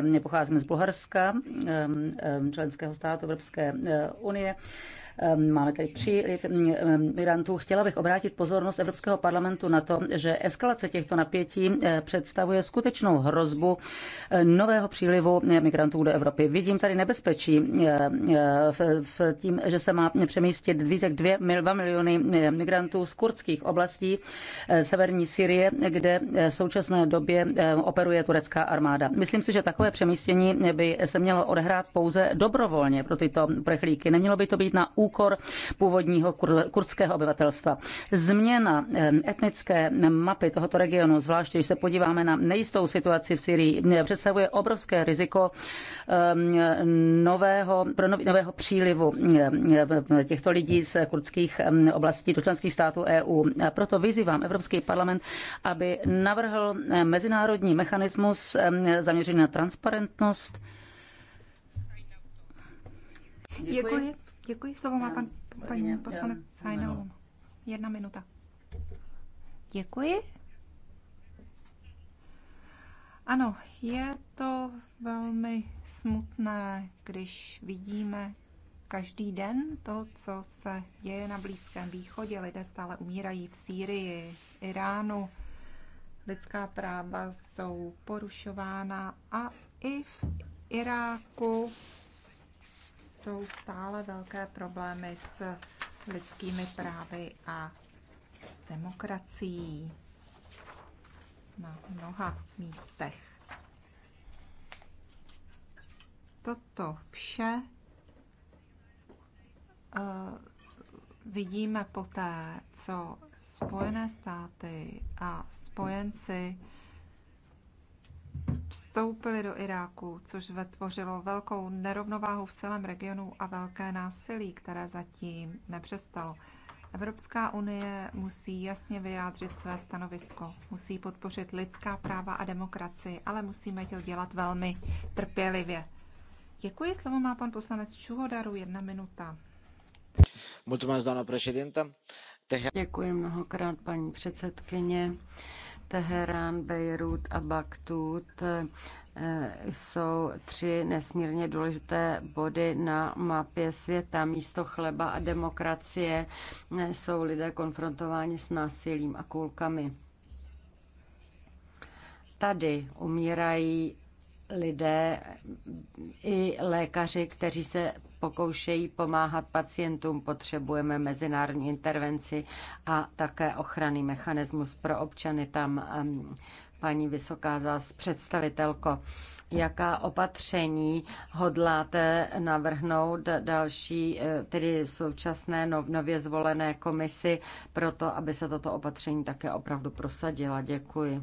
Mě pocházím z Bulharska, členského státu Evropské e, unie. Máme tady příliv migrantů. Chtěla bych obrátit pozornost Evropského parlamentu na to, že eskalace těchto napětí e, představuje skutečnou hrozbu e, nového přílivu migrantů do Evropy. Vidím tady nebezpečí v tím, že se má přemístit více jak 2 miliony migrantů z kurdských oblastí severní Syrie, kde v současné době operuje turecká armáda. Myslím si, že tak takové přemístění by se mělo odehrát pouze dobrovolně pro tyto prchlíky. Nemělo by to být na úkor původního kurdského obyvatelstva. Změna eh, etnické mapy tohoto regionu, zvláště když se podíváme na nejistou situaci v Syrii, eh, představuje obrovské riziko eh, nového, pro nového přílivu těchto lidí z kurdských oblastí do členských států EU. Proto vyzývám Evropský parlament, aby navrhl mezinárodní mechanismus zaměřený na trans transparentnost. Děkuji. Děkuji, slovo má pan, paní poslanec Sajnalon. No. Jedna minuta. Děkuji. Ano, je to velmi smutné, když vidíme každý den to, co se děje na Blízkém východě. Lidé stále umírají v Sýrii, Iránu lidská práva jsou porušována a i v Iráku jsou stále velké problémy s lidskými právy a s demokracií na mnoha místech. Toto vše uh, vidíme poté, co Spojené státy a spojenci vstoupili do Iráku, což vytvořilo velkou nerovnováhu v celém regionu a velké násilí, které zatím nepřestalo. Evropská unie musí jasně vyjádřit své stanovisko, musí podpořit lidská práva a demokracii, ale musíme to dělat velmi trpělivě. Děkuji, slovo má pan poslanec Čuhodaru, jedna minuta doamnă președintă. Děkuji mnohokrát, paní předsedkyně. Teherán, Bejrút a bagdád eh, jsou tři nesmírně důležité body na mapě světa. Místo chleba a demokracie eh, jsou lidé konfrontováni s násilím a kulkami. Tady umírají lidé i lékaři, kteří se pokoušejí pomáhat pacientům, potřebujeme mezinárodní intervenci a také ochranný mechanismus pro občany. Tam paní vysoká zás představitelko, jaká opatření hodláte navrhnout další, eh, tedy současné nově zvolené komisi, proto aby se toto opatření také opravdu prosadila. Děkuji.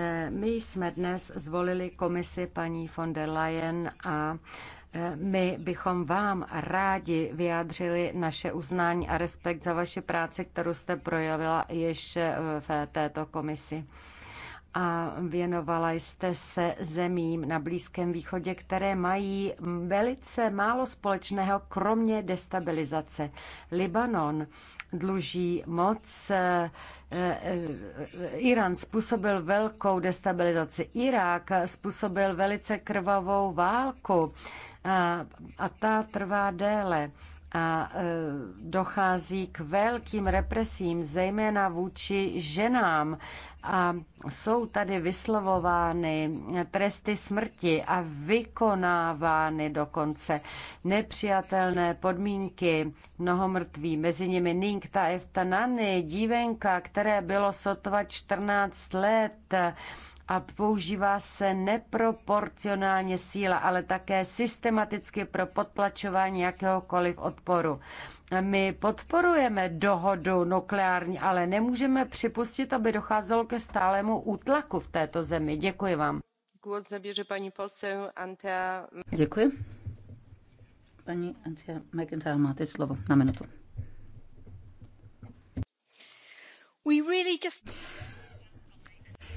Eh, my jsme dnes zvolili komisi paní von der Leyen a eh, my bychom vám rádi vyjádřili naše uznání a respekt za vaši práci, kterou jste projevila již eh, v této komisi a věnovala jste se zemím na Blízkém východě, které mají velice málo společného, kromě destabilizace. Libanon dluží moc, eh, eh, Irán způsobil velkou destabilizaci, Irák způsobil velice krvavou válku a ta trvá déle a eh, dochází k velkým represím, zejména vůči ženám a jsou tady vyslovovány tresty smrti a vykonávány dokonce nepřijatelné podmínky. Mnoho mrtví, mezi nimi Ninkta Eftanany, dívenka, které bylo sotva 14 let a používá se neproporcionálně síla, ale také systematicky pro potlačování jakéhokoliv odporu. My podporujeme dohodu nukleární, ale nemůžeme připustit, aby docházelo ke stálému útlaku v této zemi. Děkuji vám. Głos zabierze pani poseł Antea. Děkuji. Paní Antia McIntyre, máte slovo na minutu. We really just...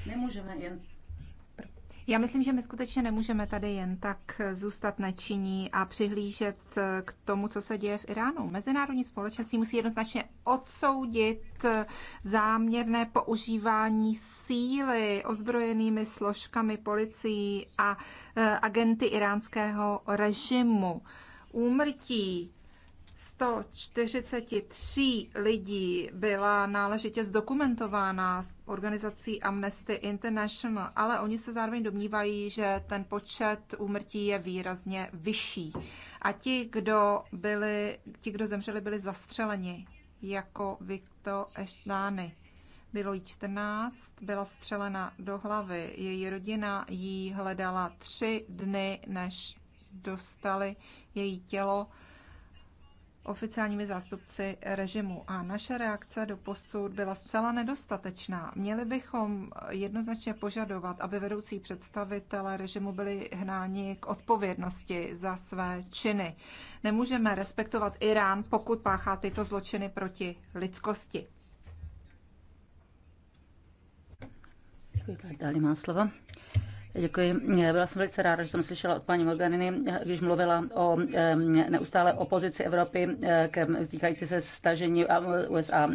Nemůžeme jen já myslím, že my skutečně nemůžeme tady jen tak zůstat nečinní a přihlížet eh, k tomu, co se děje v Iránu. Mezinárodní společenství musí jednoznačně odsoudit eh, záměrné používání síly ozbrojenými složkami policií a eh, agenty iránského režimu. Úmrtí 143 lidí byla náležitě zdokumentována s organizací Amnesty International, ale oni se zároveň domnívají, že ten počet úmrtí je výrazně vyšší. A ti, kdo, byli, ti, kdo zemřeli, byli zastřeleni, jako Viktor Eštány. Bylo jí 14, byla střelena do hlavy. Její rodina jí hledala tři dny, než dostali její tělo oficiálními zástupci režimu. A naše reakce do posud byla zcela nedostatečná. Měli bychom jednoznačně požadovat, aby vedoucí představitelé režimu byli hnáni k odpovědnosti za své činy. Nemůžeme respektovat Irán, pokud páchá tyto zločiny proti lidskosti. Děkuji, má slovo. Děkuji. Byla jsem velice ráda, že jsem slyšela od paní Morganiny, když mluvila o neustále opozici Evropy eh, k týkající se stažení USA.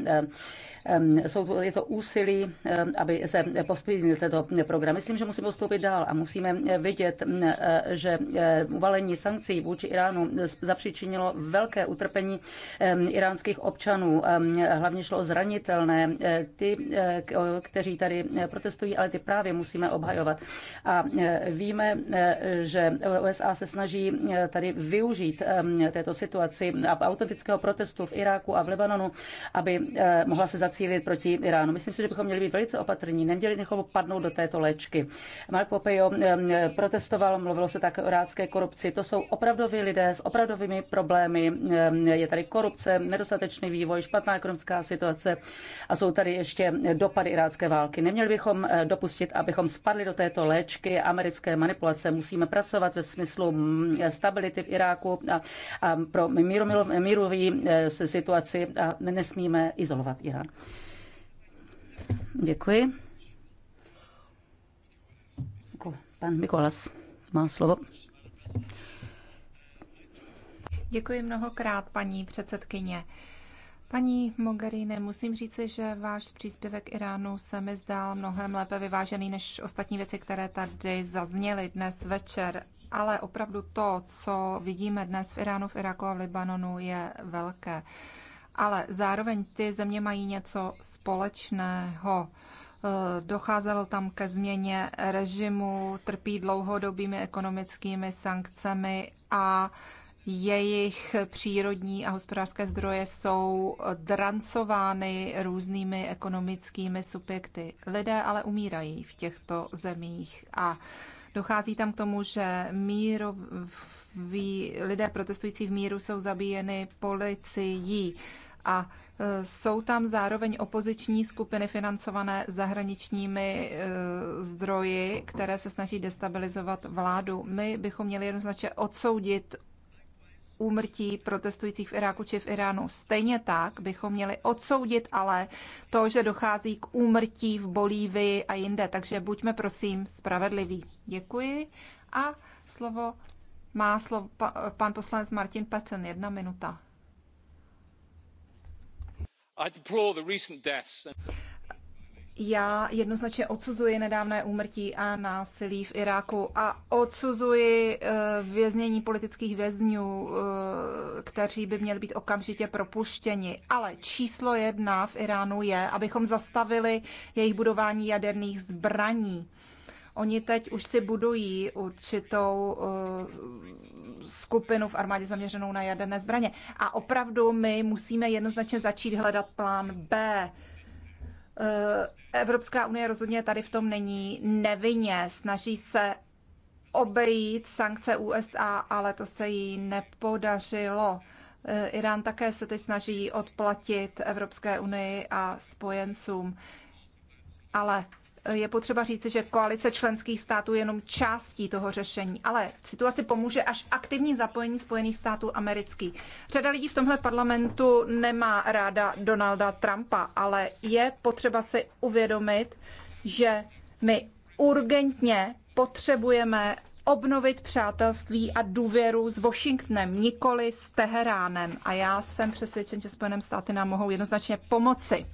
Jsou to, je to úsilí, aby se pospíšnil tento program. Myslím, že musíme postoupit dál a musíme eh, vidět, mm, eh, že eh, uvalení sankcí vůči Iránu zapříčinilo velké utrpení iránských občanů. Hlavně šlo zranitelné, ty, kteří tady protestují, ale ty právě musíme obhajovat. A víme, že USA se snaží tady využít této situaci a autentického protestu v Iráku a v Libanonu, aby mohla se zacílit cílit proti Iránu. Myslím si, že bychom měli být velice opatrní, neměli bychom padnout do této léčky. Mark Popejo protestoval, mluvilo se tak o irácké korupci. To jsou opravdoví lidé s opravdovými problémy. Je tady korupce, nedostatečný vývoj, špatná ekonomická situace a jsou tady ještě dopady irácké války. Neměli bychom eh, dopustit, abychom spadli do této léčky americké manipulace. Musíme pracovat ve smyslu stability v Iráku a, a pro míru, mírový eh, situaci a nesmíme izolovat Irán. Děkuji. Jako pan Mikolas má slovo. Děkuji mnohokrát, paní předsedkyně. Paní Mogherini, musím říci, že váš příspěvek Iránu se mi zdál mnohem lépe vyvážený než ostatní věci, které tady zazněly dnes večer. Ale opravdu to, co vidíme dnes v Iránu, v Iraku a v Libanonu, je velké ale zároveň ty země mají něco společného. E, docházelo tam ke změně režimu, trpí dlouhodobými ekonomickými sankcemi a jejich přírodní a hospodářské zdroje jsou drancovány různými ekonomickými subjekty. Lidé ale umírají v těchto zemích a dochází tam k tomu, že míro, lidé protestující v míru jsou zabíjeny policií a e, jsou tam zároveň opoziční skupiny financované zahraničními e, zdroji, které se snaží destabilizovat vládu. My bychom měli jednoznačně odsoudit úmrtí protestujících v Iráku či v Iránu. Stejně tak bychom měli odsoudit ale to, že dochází k úmrtí v Bolívii a jinde. Takže buďme prosím spravedliví. Děkuji. A slovo má slovo pan poslanec Martin Patton. Jedna minuta. Já jednoznačně odsuzuji nedávné úmrtí a násilí v Iráku a odsuzuji eh, věznění politických vězňů, eh, kteří by měli být okamžitě propuštěni. Ale číslo jedna v Iránu je, abychom zastavili jejich budování jaderných zbraní. Oni teď už si budují určitou eh, skupinu v armádě zaměřenou na jaderné zbraně. A opravdu my musíme jednoznačně začít hledat plán B. Eh, Evropská unie rozhodně tady v tom není nevinně. Snaží se obejít sankce USA, ale to se jí nepodařilo. Eh, Irán také se teď snaží odplatit Evropské unii a spojencům. Ale je potřeba říci, že koalice členských států je jenom částí toho řešení, ale situaci pomůže až aktivní zapojení Spojených států amerických. Řada lidí v tomhle parlamentu nemá ráda Donalda Trumpa, ale je potřeba si uvědomit, že my urgentně potřebujeme obnovit přátelství a důvěru s Washingtonem, nikoli s Teheránem. A já jsem přesvědčen, že Spojené státy nám mohou jednoznačně pomoci.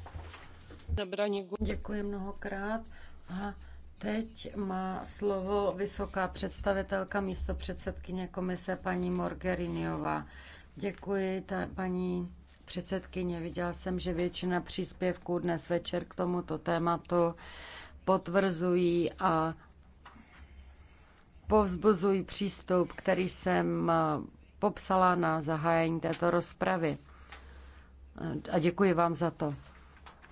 Děkuji mnohokrát. A teď má slovo vysoká představitelka místo předsedkyně komise paní Morgeriniová. Děkuji, ta, paní předsedkyně. Viděla jsem, že většina příspěvků dnes večer k tomuto tématu potvrzují a povzbuzují přístup, který jsem eh, popsala na zahájení této rozpravy. A děkuji vám za to.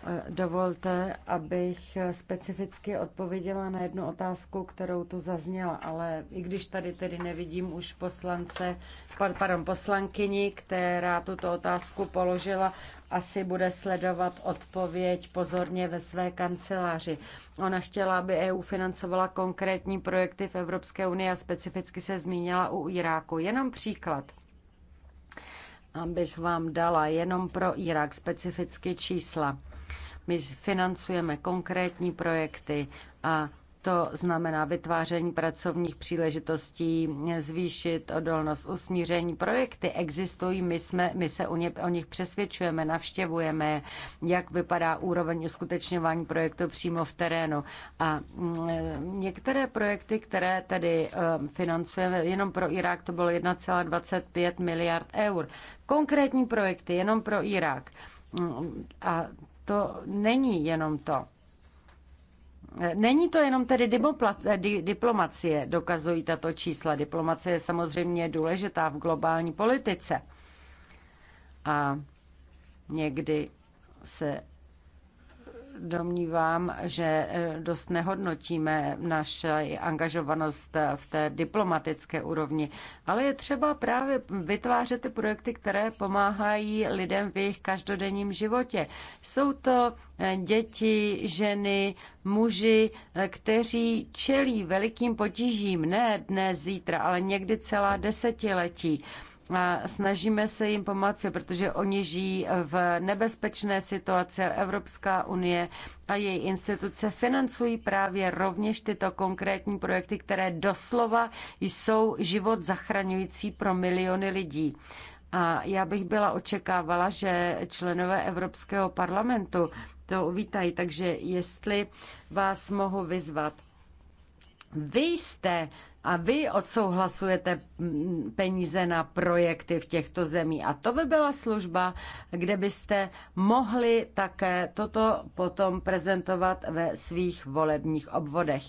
Eh, dovolte, abych specificky odpověděla na jednu otázku, kterou tu zazněla, ale i když tady tedy nevidím už poslance, pardon, poslankyni, která tuto otázku položila, asi bude sledovat odpověď pozorně ve své kanceláři. Ona chtěla, aby EU financovala konkrétní projekty v Evropské unii a specificky se zmínila u Iráku. Jenom příklad abych vám dala jenom pro Irak specificky čísla. My financujeme konkrétní projekty a to znamená vytváření pracovních příležitostí, zvýšit odolnost usmíření. Projekty existují, my, jsme, my se o, ně, o nich přesvědčujeme, navštěvujeme, jak vypadá úroveň uskutečňování projektu přímo v terénu. A mm, některé projekty, které tedy eh, financujeme, jenom pro Irák to bylo 1,25 miliard eur. Konkrétní projekty jenom pro Irák. Mm, a to není jenom to. Není to jenom tedy eh, diplomacie, dokazují tato čísla. Diplomacie je samozřejmě důležitá v globální politice. A někdy se domnívám, že eh, dost nehodnotíme naše angažovanost v té diplomatické úrovni, ale je třeba právě vytvářet ty projekty, které pomáhají lidem v jejich každodenním životě. Jsou to eh, děti, ženy, muži, eh, kteří čelí velikým potížím, ne dnes, zítra, ale někdy celá desetiletí a snažíme se jim pomoci, protože oni žijí v nebezpečné situaci. Evropská unie a její instituce financují právě rovněž tyto konkrétní projekty, které doslova jsou život zachraňující pro miliony lidí. A já bych byla očekávala, že členové Evropského parlamentu to uvítají. Takže jestli vás mohu vyzvat, vy jste a vy odsouhlasujete peníze na projekty v těchto zemí. A to by byla služba, kde byste mohli také toto potom prezentovat ve svých volebních obvodech.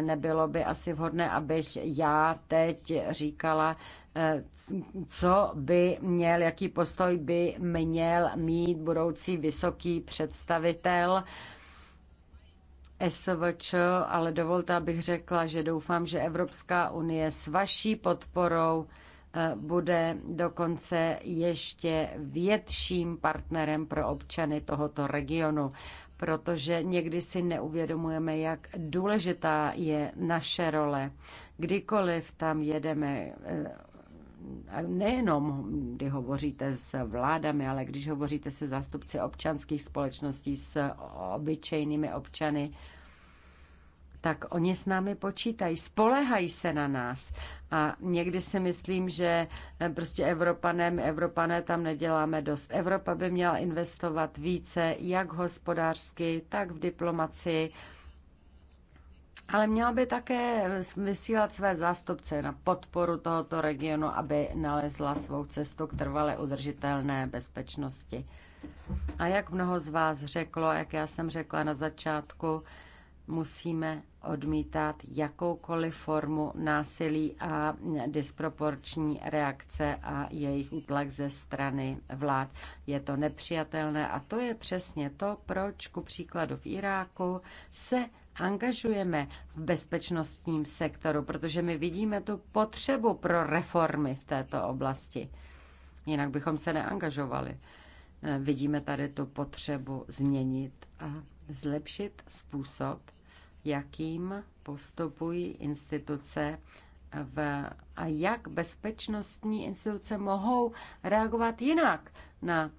Nebylo by asi vhodné, abych já teď říkala, eh, co by měl, jaký postoj by měl mít budoucí vysoký představitel SVČ, ale dovolte, abych řekla, že doufám, že Evropská unie s vaší podporou eh, bude dokonce ještě větším partnerem pro občany tohoto regionu, protože někdy si neuvědomujeme, jak důležitá je naše role. Kdykoliv tam jedeme, eh, nejenom, kdy hovoříte s vládami, ale když hovoříte se zástupci občanských společností, s obyčejnými občany, tak oni s námi počítají, spolehají se na nás. A někdy si myslím, že prostě Evropané, my Evropané tam neděláme dost. Evropa by měla investovat více, jak hospodářsky, tak v diplomacii ale měla by také vysílat své zástupce na podporu tohoto regionu, aby nalezla svou cestu k trvale udržitelné bezpečnosti. A jak mnoho z vás řeklo, jak já jsem řekla na začátku, musíme odmítat jakoukoliv formu násilí a disproporční reakce a jejich útlak ze strany vlád. Je to nepřijatelné a to je přesně to, proč ku příkladu v Iráku se angažujeme v bezpečnostním sektoru, protože my vidíme tu potřebu pro reformy v této oblasti. Jinak bychom se neangažovali. Eh, vidíme tady tu potřebu změnit a zlepšit způsob, jakým postupují instituce v, a jak bezpečnostní instituce mohou reagovat jinak na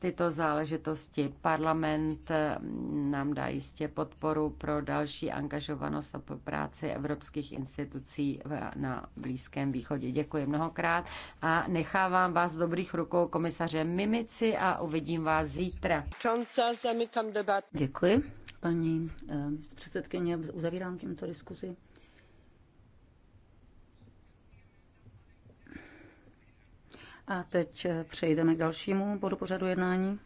tyto záležitosti. Parlament mm, nám dá jistě podporu pro další angažovanost a pro práci evropských institucí na Blízkém východě. Děkuji mnohokrát a nechávám vás dobrých rukou komisaře Mimici a uvidím vás zítra. Zamykám debatu. Děkuji, paní eh, předsedkyně. Uzavírám tímto diskuzi. A teď eh, přejdeme k dalšímu bodu pořadu jednání.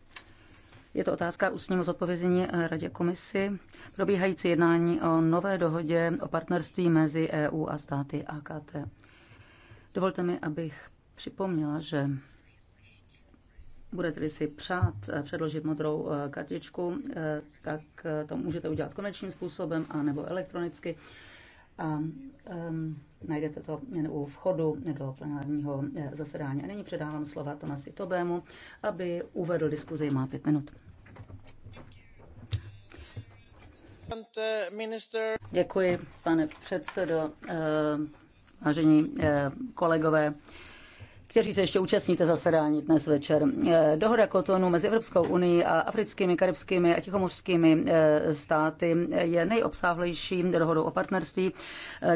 Je to otázka ústního zodpovězení eh, Radě komisi. Probíhající jednání o nové dohodě o partnerství mezi EU a státy AKT. Dovolte mi, abych připomněla, že budete-li si přát eh, předložit modrou kartičku, tak to můžete udělat konečným způsobem a nebo elektronicky a um, najdete to u vchodu do plenárního eh, zasedání. A nyní předávám slova Tomasi Tobému, aby uvedl diskuzi. Má pět minut. Děkuji, pane předsedo. Eh, vážení eh, kolegové, kteří se ještě účastníte zasedání dnes večer. Eh, dohoda Kotonu mezi Evropskou unii a africkými, karibskými a tichomořskými eh, státy eh, je nejobsáhlejší dohodou o partnerství,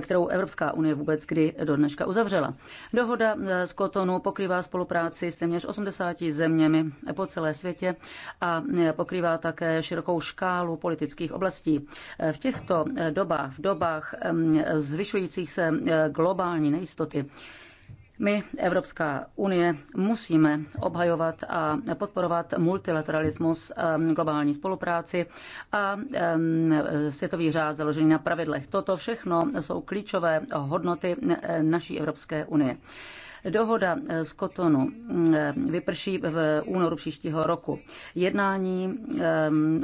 kterou Evropská unie vůbec kdy do dneška uzavřela. Dohoda z Kotonu pokrývá spolupráci s téměř 80 zeměmi po celé světě a pokrývá také širokou škálu politických oblastí. V těchto dobách, v dobách zvyšujících se globální nejistoty, my, Evropská unie, musíme obhajovat a podporovat multilateralismus, globální spolupráci a světový řád založený na pravidlech. Toto všechno jsou klíčové hodnoty e, naší Evropské unie. Dohoda z Kotonu e, vyprší v únoru příštího roku. Jednání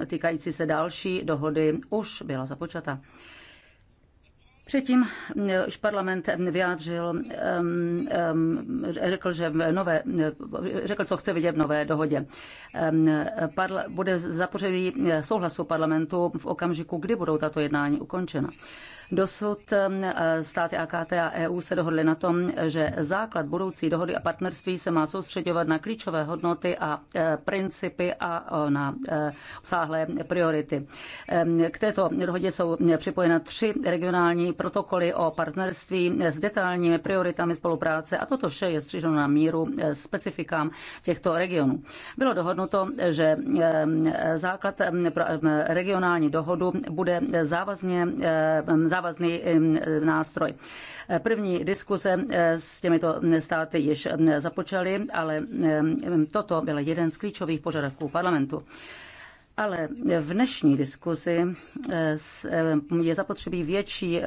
týkající se další dohody už byla započata. Předtím už parlament vyjádřil, řekl, že v nové, řekl, co chce vidět v nové dohodě. bude zapořelý souhlasu parlamentu v okamžiku, kdy budou tato jednání ukončena. Dosud ehm, eh, státy AKT a EU se dohodly na tom, že základ budoucí dohody a partnerství se má soustředovat na klíčové hodnoty a eh, principy a na eh, obsáhlé priority. Ehm, k této dohodě jsou připojena tři regionální protokoly o partnerství s detailními prioritami spolupráce a toto vše je střiženo na míru specifikám těchto regionů. Bylo dohodnuto, že ehm, základ pro regionální dohodu bude závazně, závazně závazný e, nástroj. E, první diskuze e, s těmito státy již započaly, ale toto byl jeden z klíčových požadavků parlamentu. Ale v dnešní diskuzi eh, eh, je zapotřebí větší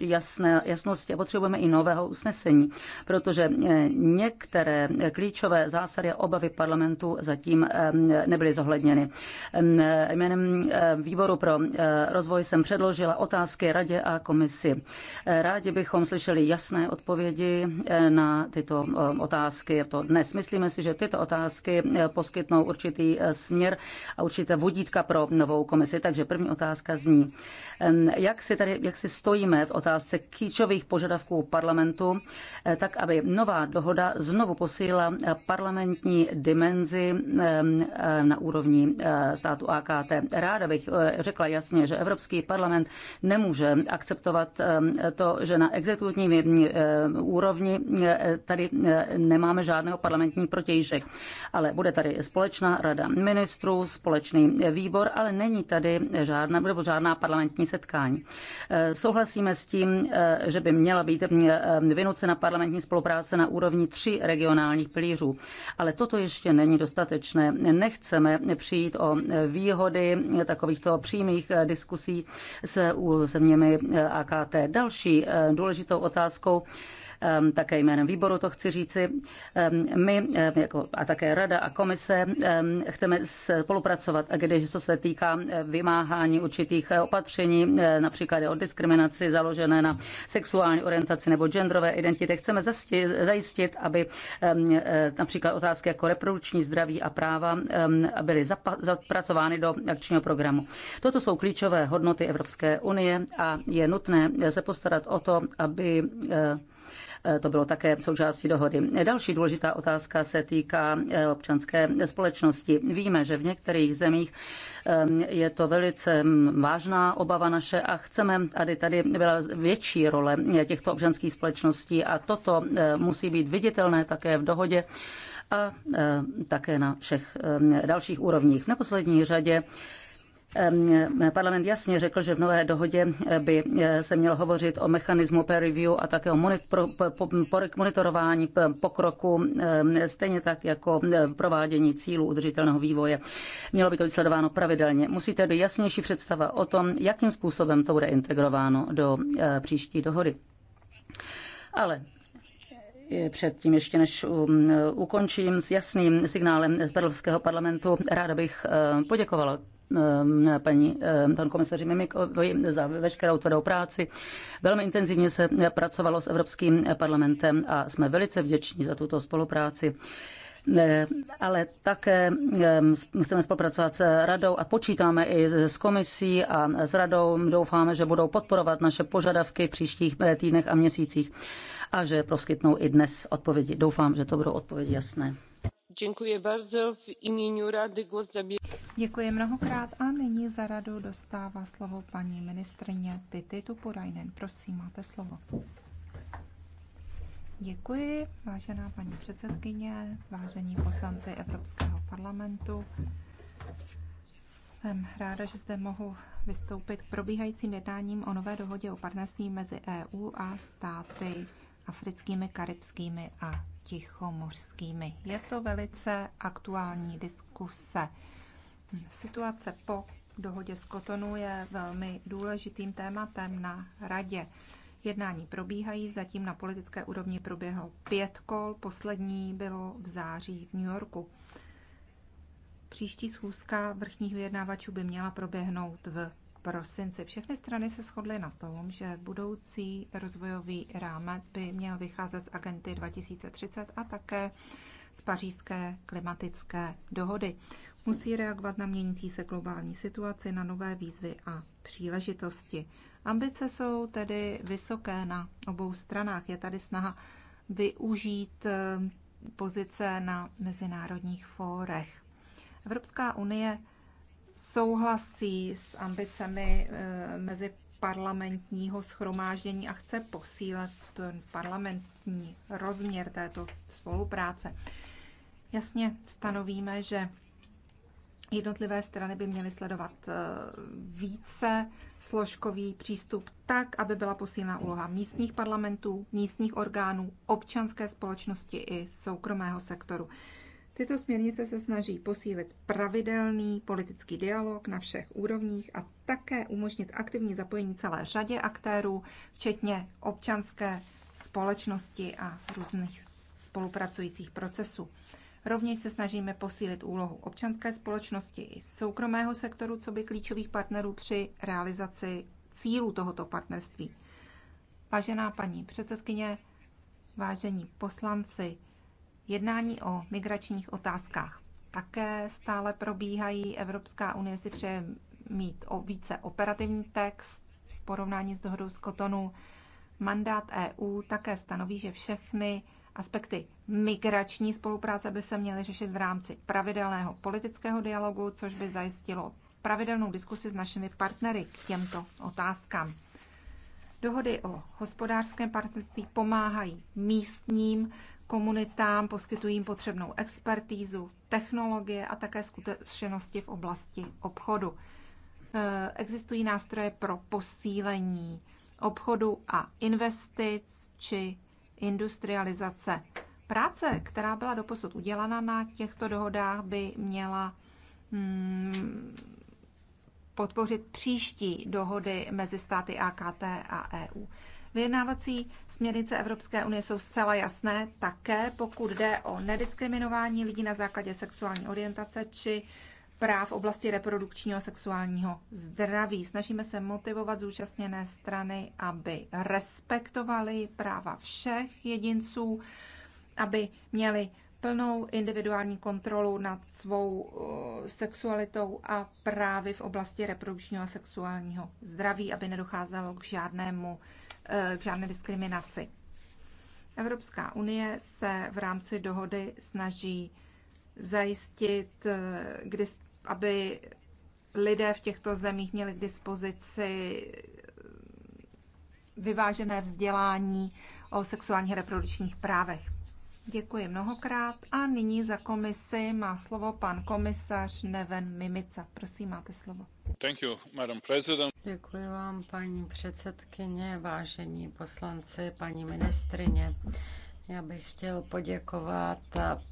jasné, jasnosti a potřebujeme i nového usnesení, protože eh, některé klíčové zásady a obavy parlamentu zatím nebyly zohledněny. Jménem Výboru pro rozvoj jsem předložila otázky Radě a komisi. Rádi bychom slyšeli jasné odpovědi na tyto otázky. To dnes myslíme si, že tyto otázky poskytnou určitý směr a určitý určité vodítka pro novou komisi. Takže první otázka zní, jak si, tady, jak si stojíme v otázce klíčových požadavků parlamentu, eh, tak aby nová dohoda znovu posílila parlamentní dimenzi eh, na úrovni eh, státu AKT. Ráda bych řekla jasně, že Evropský parlament nemůže akceptovat to, že na exekutivní úrovni tady nemáme žádného parlamentní protějšek, ale bude tady společná rada ministrů, společná příslušný výbor, ale není tady žádná, nebo žádná parlamentní setkání. Eh, souhlasíme s tím, eh, že by měla být eh, vynucena parlamentní spolupráce na úrovni tři regionálních pilířů. Ale toto ještě není dostatečné. Nechceme přijít o výhody takovýchto přímých diskusí se zeměmi AKT. Další důležitou otázkou také jménem výboru to chci říci. My jako, a také rada a komise chceme spolupracovat, když co se týká vymáhání určitých eh, opatření, například o diskriminaci založené na sexuální orientaci nebo genderové identitě. Chceme zajistit, aby eh, například otázky jako reprodukční zdraví a práva byly zapracovány do akčního programu. Toto jsou klíčové hodnoty Evropské unie a je nutné se postarat o to, aby eh, to bylo také součástí dohody. Další důležitá otázka se týká eh, občanské společnosti. Víme, že v některých zemích eh, je to velice mm, vážná obava naše a chceme, aby tady byla větší role těchto občanských společností a toto eh, musí být viditelné také v dohodě a také na všech dalších úrovních. V neposlední řadě Ehm, parlament jasně řekl, že v nové dohodě eh, by eh, se mělo hovořit o mechanismu peer review a také o monitorování pokroku, ehm, stejně tak jako eh, provádění cílů udržitelného vývoje. Mělo by to být sledováno pravidelně. Musíte být jasnější představa o tom, jakým způsobem to bude integrováno do příští dohody. Ale předtím, ještě než um, ukončím s jasným signálem z Berlovského parlamentu, ráda bych poděkovala Ehm, paní, ehm, pan komisaři Mimikovi za veškerou tvrdou práci. Velmi intenzivně se pracovalo s Evropským parlamentem a jsme velice vděční za tuto spolupráci ehm, ale také musíme spolupracovat s radou a počítáme i s komisí a s radou. Doufáme, že budou podporovat naše požadavky v příštích eh, týdnech a měsících a že poskytnou i dnes odpovědi. Doufám, že to budou odpovědi jasné. Děkuji mnohokrát a nyní za radu dostává slovo paní ministrině Tity Tupurainen. Prosím, máte slovo. Děkuji, vážená paní předsedkyně, vážení poslanci Evropského parlamentu. Jsem ráda, že zde mohu vystoupit k probíhajícím jednáním o nové dohodě o partnerství mezi EU a státy africkými, karibskými a tichomořskými. Je to velice aktuální diskuse. Situace po dohodě z Kotonu je velmi důležitým tématem na radě. Jednání probíhají, zatím na politické úrovni proběhlo pět kol, poslední bylo v září v New Yorku. Příští schůzka vrchních vyjednávačů by měla proběhnout v prosince. Všechny strany se shodly na tom, že budoucí rozvojový rámec by měl vycházet z agenty 2030 a také z pařížské klimatické dohody. Musí reagovat na měnící se globální situaci, na nové výzvy a příležitosti. Ambice jsou tedy vysoké na obou stranách. Je tady snaha využít eh, pozice na mezinárodních fórech. Evropská unie souhlasí s ambicemi eh, mezi parlamentního schromáždění a chce posílat ten parlamentní rozměr této spolupráce. Jasně stanovíme, že jednotlivé strany by měly sledovat eh, více složkový přístup tak, aby byla posílena úloha místních parlamentů, místních orgánů, občanské společnosti i soukromého sektoru. Tyto směrnice se snaží posílit pravidelný politický dialog na všech úrovních a také umožnit aktivní zapojení celé řadě aktérů, včetně občanské společnosti a různých spolupracujících procesů. Rovněž se snažíme posílit úlohu občanské společnosti i soukromého sektoru, co by klíčových partnerů při realizaci cílů tohoto partnerství. Vážená paní předsedkyně, vážení poslanci, Jednání o migračních otázkách také stále probíhají. Evropská unie si přeje mít o více operativní text v porovnání s dohodou z Kotonu. Mandát EU také stanoví, že všechny aspekty migrační spolupráce by se měly řešit v rámci pravidelného politického dialogu, což by zajistilo pravidelnou diskusi s našimi partnery k těmto otázkám. Dohody o hospodářském partnerství pomáhají místním komunitám, poskytují jim potřebnou expertízu, technologie a také zkušenosti v oblasti obchodu. E, existují nástroje pro posílení obchodu a investic či industrializace. Práce, která byla doposud udělána na těchto dohodách, by měla hmm, podpořit příští dohody mezi státy AKT a EU. Vyjednávací směrnice Evropské unie jsou zcela jasné také, pokud jde o nediskriminování lidí na základě sexuální orientace či práv v oblasti reprodukčního sexuálního zdraví. Snažíme se motivovat zúčastněné strany, aby respektovali práva všech jedinců, aby měli plnou individuální kontrolu nad svou eh, sexualitou a právy v oblasti reprodukčního a sexuálního zdraví, aby nedocházelo k, žádnému, eh, k žádné diskriminaci. Evropská unie se v rámci dohody snaží zajistit, eh, aby lidé v těchto zemích měli k dispozici vyvážené vzdělání o sexuálních reprodukčních právech. Děkuji mnohokrát a nyní za komisi má slovo pan komisař Neven Mimica. Prosím, máte slovo. Thank you, Madam President. Děkuji vám, paní předsedkyně, vážení poslanci, paní ministrině. Já bych chtěl poděkovat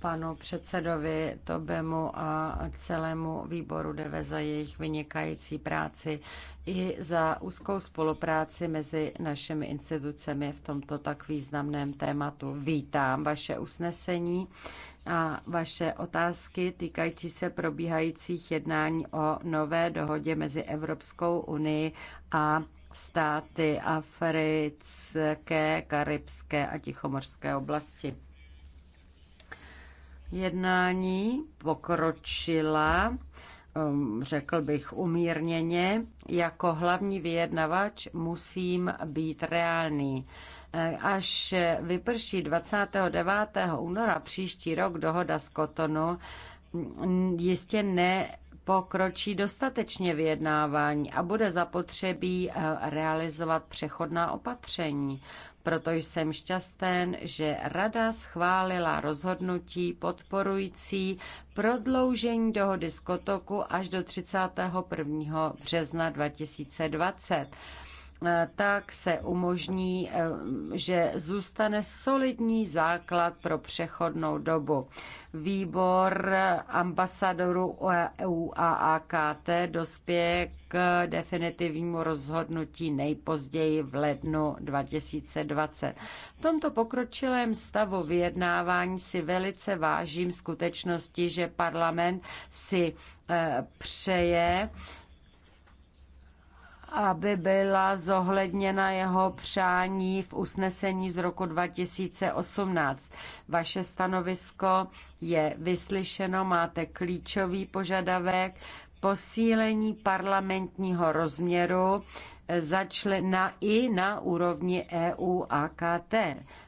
panu předsedovi Tobemu a celému výboru DEVE za jejich vynikající práci i za úzkou spolupráci mezi našimi institucemi v tomto tak významném tématu. Vítám vaše usnesení a vaše otázky týkající se probíhajících jednání o nové dohodě mezi Evropskou unii a státy africké, karibské a tichomorské oblasti. Jednání pokročila, um, řekl bych umírněně, jako hlavní vyjednavač musím být reálný. Eh, až vyprší 29. února příští rok dohoda z Kotonu, mm, jistě ne Pokročí dostatečně vyjednávání a bude zapotřebí eh, realizovat přechodná opatření. Proto jsem šťastný, že Rada schválila rozhodnutí podporující prodloužení dohody z Kotoku až do 31. března 2020 tak se umožní, eh, že zůstane solidní základ pro přechodnou dobu. Výbor ambasadorů EU a AKT dospěje k definitivnímu rozhodnutí nejpozději v lednu 2020. V tomto pokročilém stavu vyjednávání si velice vážím skutečnosti, že parlament si eh, přeje, aby byla zohledněna jeho přání v usnesení z roku 2018. Vaše stanovisko je vyslyšeno, máte klíčový požadavek posílení parlamentního rozměru začlena i na úrovni EU a KT.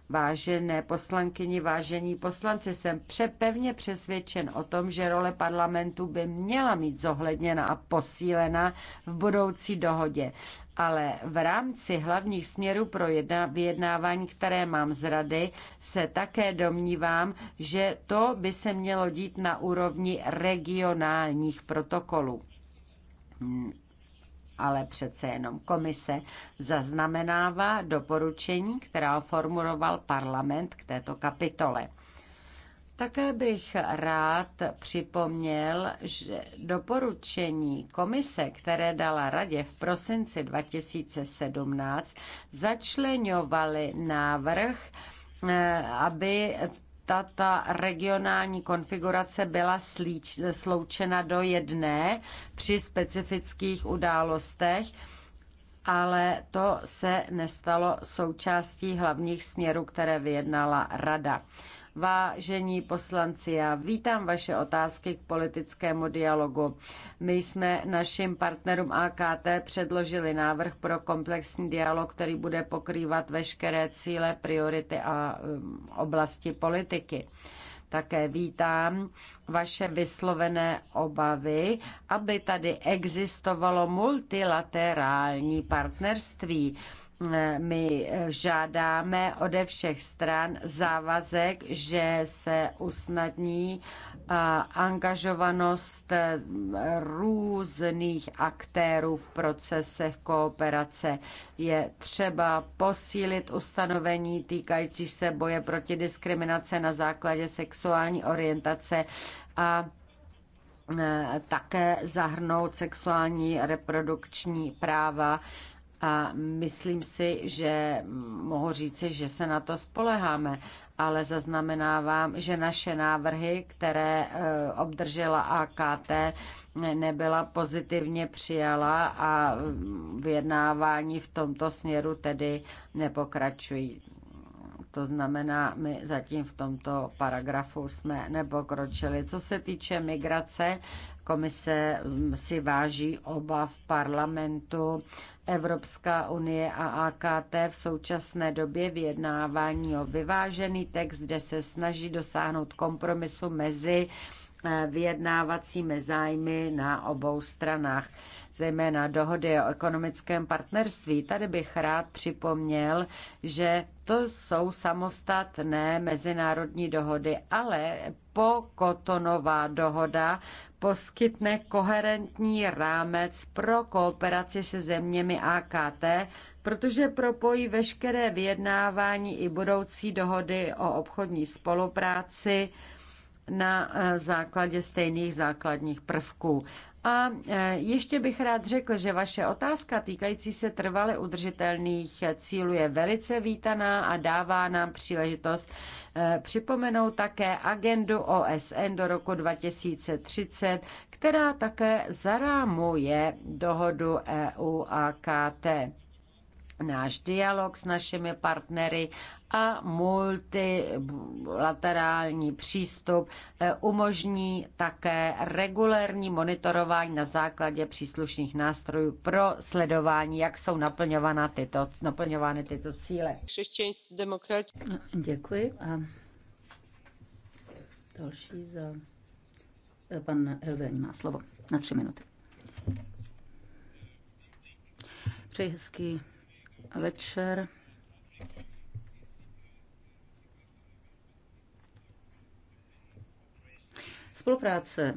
Vážené poslankyni, vážení poslanci, jsem přepevně přesvědčen o tom, že role parlamentu by měla mít zohledněna a posílena v budoucí dohodě. Ale v rámci hlavních směrů pro jedna, vyjednávání, které mám z rady, se také domnívám, že to by se mělo dít na úrovni regionálních protokolů ale přece jenom komise zaznamenává doporučení, která formuloval parlament k této kapitole. Také bych rád připomněl, že doporučení komise, které dala radě v prosinci 2017, začlenovaly návrh eh, aby ta regionální konfigurace byla slíč, sloučena do jedné při specifických událostech, ale to se nestalo součástí hlavních směrů, které vyjednala Rada. Vážení poslanci, já vítám vaše otázky k politickému dialogu. My jsme našim partnerům AKT předložili návrh pro komplexní dialog, který bude pokrývat veškeré cíle, priority a um, oblasti politiky. Také vítám vaše vyslovené obavy, aby tady existovalo multilaterální partnerství my žádáme ode všech stran závazek, že se usnadní angažovanost různých aktérů v procesech kooperace. Je třeba posílit ustanovení týkající se boje proti diskriminace na základě sexuální orientace a e, také zahrnout sexuální reprodukční práva a myslím si, že mohu říci, že se na to spoleháme, ale zaznamenávám, že naše návrhy, které e, obdržela AKT, nebyla pozitivně přijala a vyjednávání v tomto směru tedy nepokračují. To znamená, my zatím v tomto paragrafu jsme nepokročili. Co se týče migrace, komise mm, si váží obav parlamentu. Evropská unie a AKT v současné době vyjednávání o vyvážený text, kde se snaží dosáhnout kompromisu mezi vyjednávacími zájmy na obou stranách, zejména dohody o ekonomickém partnerství. Tady bych rád připomněl, že to jsou samostatné mezinárodní dohody, ale pokotonová dohoda poskytne koherentní rámec pro kooperaci se zeměmi AKT, protože propojí veškeré vyjednávání i budoucí dohody o obchodní spolupráci na eh, základě stejných základních prvků. A eh, ještě bych rád řekl, že vaše otázka týkající se trvale udržitelných cílů je velice vítaná a dává nám příležitost eh, připomenout také agendu OSN do roku 2030, která také zarámuje dohodu EU a KT náš dialog s našimi partnery a multilaterální přístup eh, umožní také regulérní monitorování na základě příslušných nástrojů pro sledování, jak jsou naplňovány tyto, naplňovány tyto cíle. Demokrat... Děkuji. A další za... Eh, pan Elvení má slovo na tři minuty. Přeji hezký večer. Spolupráce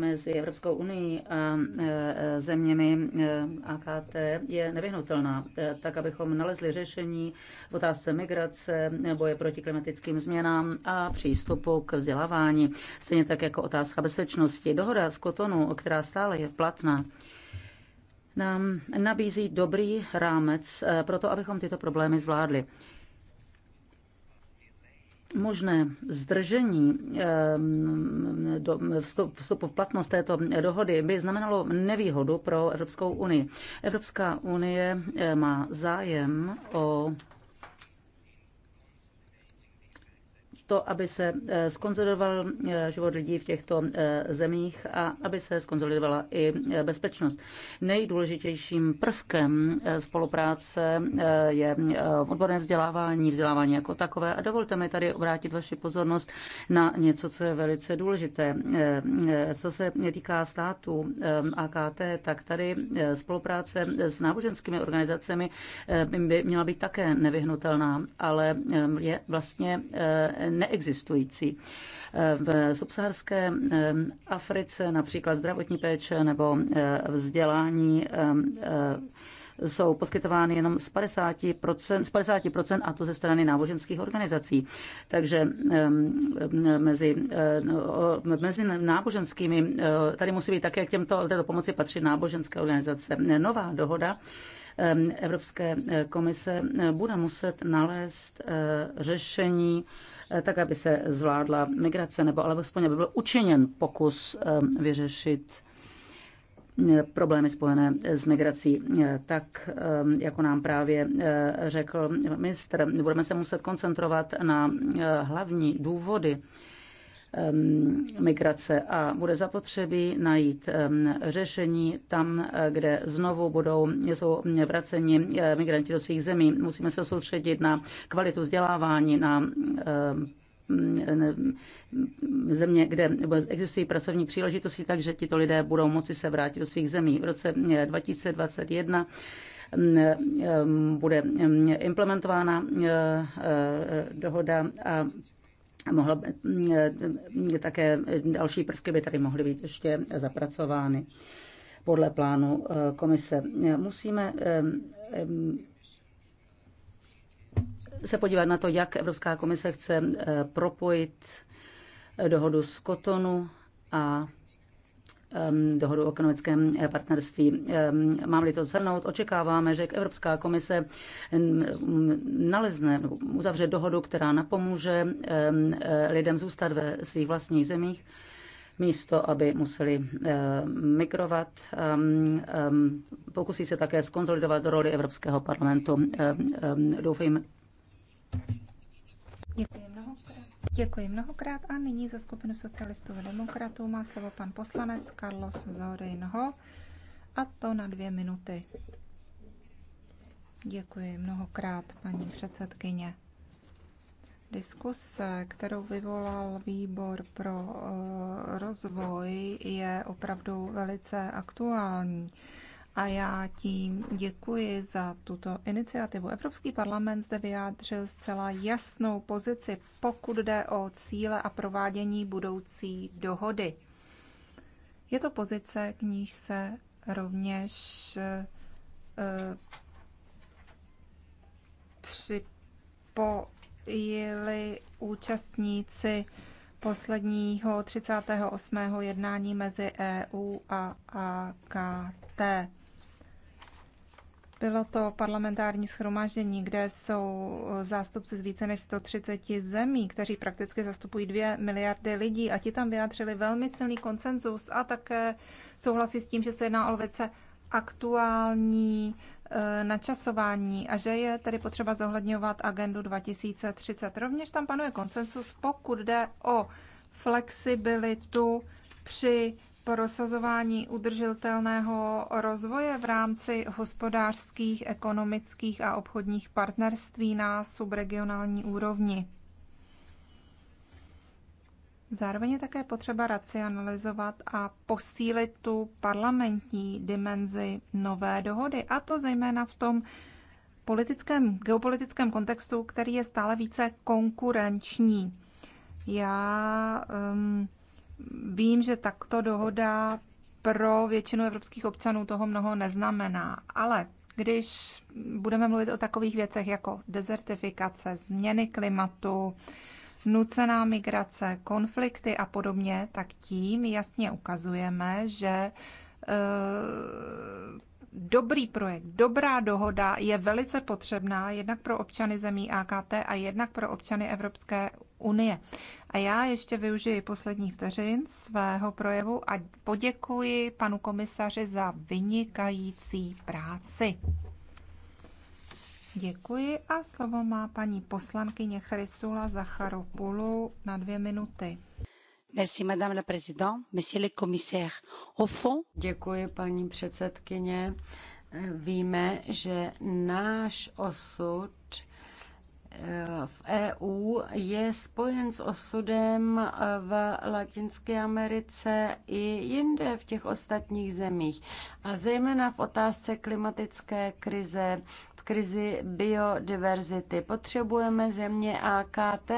mezi Evropskou unii a e, zeměmi e, AKT je nevyhnutelná, e, tak abychom nalezli řešení v otázce migrace, boje proti klimatickým změnám a přístupu k vzdělávání, stejně tak jako otázka bezpečnosti. Dohoda z Kotonu, která stále je platná, nám nabízí dobrý rámec eh, pro to, abychom tyto problémy zvládli možné zdržení eh, vstupu v platnost této dohody by znamenalo nevýhodu pro Evropskou unii. Evropská unie eh, má zájem o to, aby se eh, skonzolidoval eh, život lidí v těchto eh, zemích a aby se skonzolidovala i bezpečnost. Nejdůležitějším prvkem spolupráce je odborné vzdělávání, vzdělávání jako takové. A dovolte mi tady obrátit vaši pozornost na něco, co je velice důležité. Co se týká států AKT, tak tady spolupráce s náboženskými organizacemi by měla být také nevyhnutelná, ale je vlastně neexistující. Eh, v subsaharské eh, Africe například zdravotní péče nebo eh, vzdělání jsou poskytovány jenom z 50%, z 50% a to ze strany náboženských organizací. Takže mezi, mezi náboženskými, tady musí být také k těmto, této pomoci patří náboženské organizace. Nová dohoda Evropské komise bude muset nalézt řešení Eh, tak aby se zvládla migrace, nebo alespoň aby byl učiněn pokus eh, vyřešit eh, problémy spojené s migrací. Tak, jako nám právě řekl ministr, budeme se muset koncentrovat na hlavní důvody migrace a bude zapotřebí najít řešení tam, kde znovu budou jsou vraceni eh, migranti do svých zemí. Musíme se soustředit na kvalitu vzdělávání, na země, kde existují pracovní příležitosti, takže tito lidé budou moci se vrátit do svých zemí. V roce 2021 eh, bude implementována eh, dohoda a mohlo, mm, e, také další prvky by tady mohly být ještě zapracovány podle plánu e, komise. Musíme e, se podívat na to, jak Evropská komise chce propojit dohodu z Kotonu a Um, dohodu o ekonomickém eh, partnerství. Um, mám-li to zhrnout, očekáváme, že Evropská komise nalezne uzavře dohodu, která napomůže um, eh, lidem zůstat ve svých vlastních zemích, místo aby museli eh, migrovat. Pokusí se také skonzolidovat roli Evropského parlamentu. Doufejme. Děkujeme. Děkuji mnohokrát a nyní za skupinu socialistů a demokratů má slovo pan poslanec Carlos Zorinho a to na dvě minuty. Děkuji mnohokrát, paní předsedkyně. Diskuse, kterou vyvolal výbor pro eh, rozvoj, je opravdu velice aktuální a já tím děkuji za tuto iniciativu. Evropský parlament zde vyjádřil zcela jasnou pozici, pokud jde o cíle a provádění budoucí dohody. Je to pozice, k níž se rovněž eh, připojili účastníci posledního 38. jednání mezi EU a AKT. Bylo to parlamentární schromáždění, kde jsou eh, zástupci z více než 130 zemí, kteří prakticky zastupují 2 miliardy lidí a ti tam vyjádřili velmi silný konsenzus a také souhlasí s tím, že se jedná o velice aktuální eh, načasování a že je tedy potřeba zohledňovat agendu 2030. Rovněž tam panuje koncensus, pokud jde o flexibilitu při prosazování udržitelného rozvoje v rámci hospodářských, ekonomických a obchodních partnerství na subregionální úrovni. Zároveň je také potřeba racionalizovat a posílit tu parlamentní dimenzi nové dohody, a to zejména v tom politickém, geopolitickém kontextu, který je stále více konkurenční. Já um, Vím, že takto dohoda pro většinu evropských občanů toho mnoho neznamená, ale když budeme mluvit o takových věcech jako dezertifikace, změny klimatu, nucená migrace, konflikty a podobně, tak tím jasně ukazujeme, že e, dobrý projekt, dobrá dohoda je velice potřebná jednak pro občany zemí AKT a jednak pro občany Evropské unie. A já ještě využiji poslední vteřin svého projevu a poděkuji panu komisaři za vynikající práci. Děkuji a slovo má paní poslankyně Chrysula Zacharopoulou na dvě minuty. Merci, madame la présidente, monsieur le commissaire. Au fond... Děkuji, paní předsedkyně. Víme, že náš osud v EU je spojen s osudem v Latinské Americe i jinde v těch ostatních zemích. A zejména v otázce klimatické krize, v krizi biodiverzity. Potřebujeme země AKT,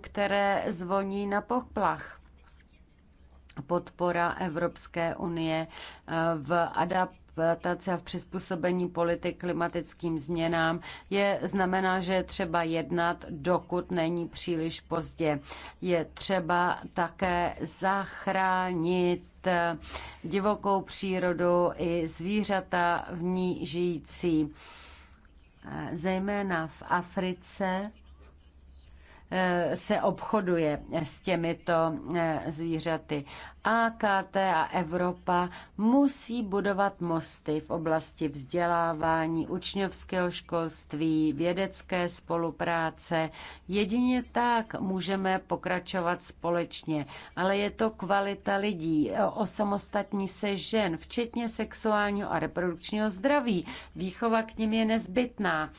které zvoní na poplach podpora Evropské unie eh, v adaptaci adaptaci a v přizpůsobení politik klimatickým změnám je, znamená, že je třeba jednat, dokud není příliš pozdě. Je třeba také zachránit divokou přírodu i zvířata v ní žijící. Zejména v Africe Eh, se obchoduje s těmito eh, zvířaty. AKT a Evropa musí budovat mosty v oblasti vzdělávání, učňovského školství, vědecké spolupráce. Jedině tak můžeme pokračovat společně, ale je to kvalita lidí, osamostatní se žen, včetně sexuálního a reprodukčního zdraví. Výchova k nim je nezbytná.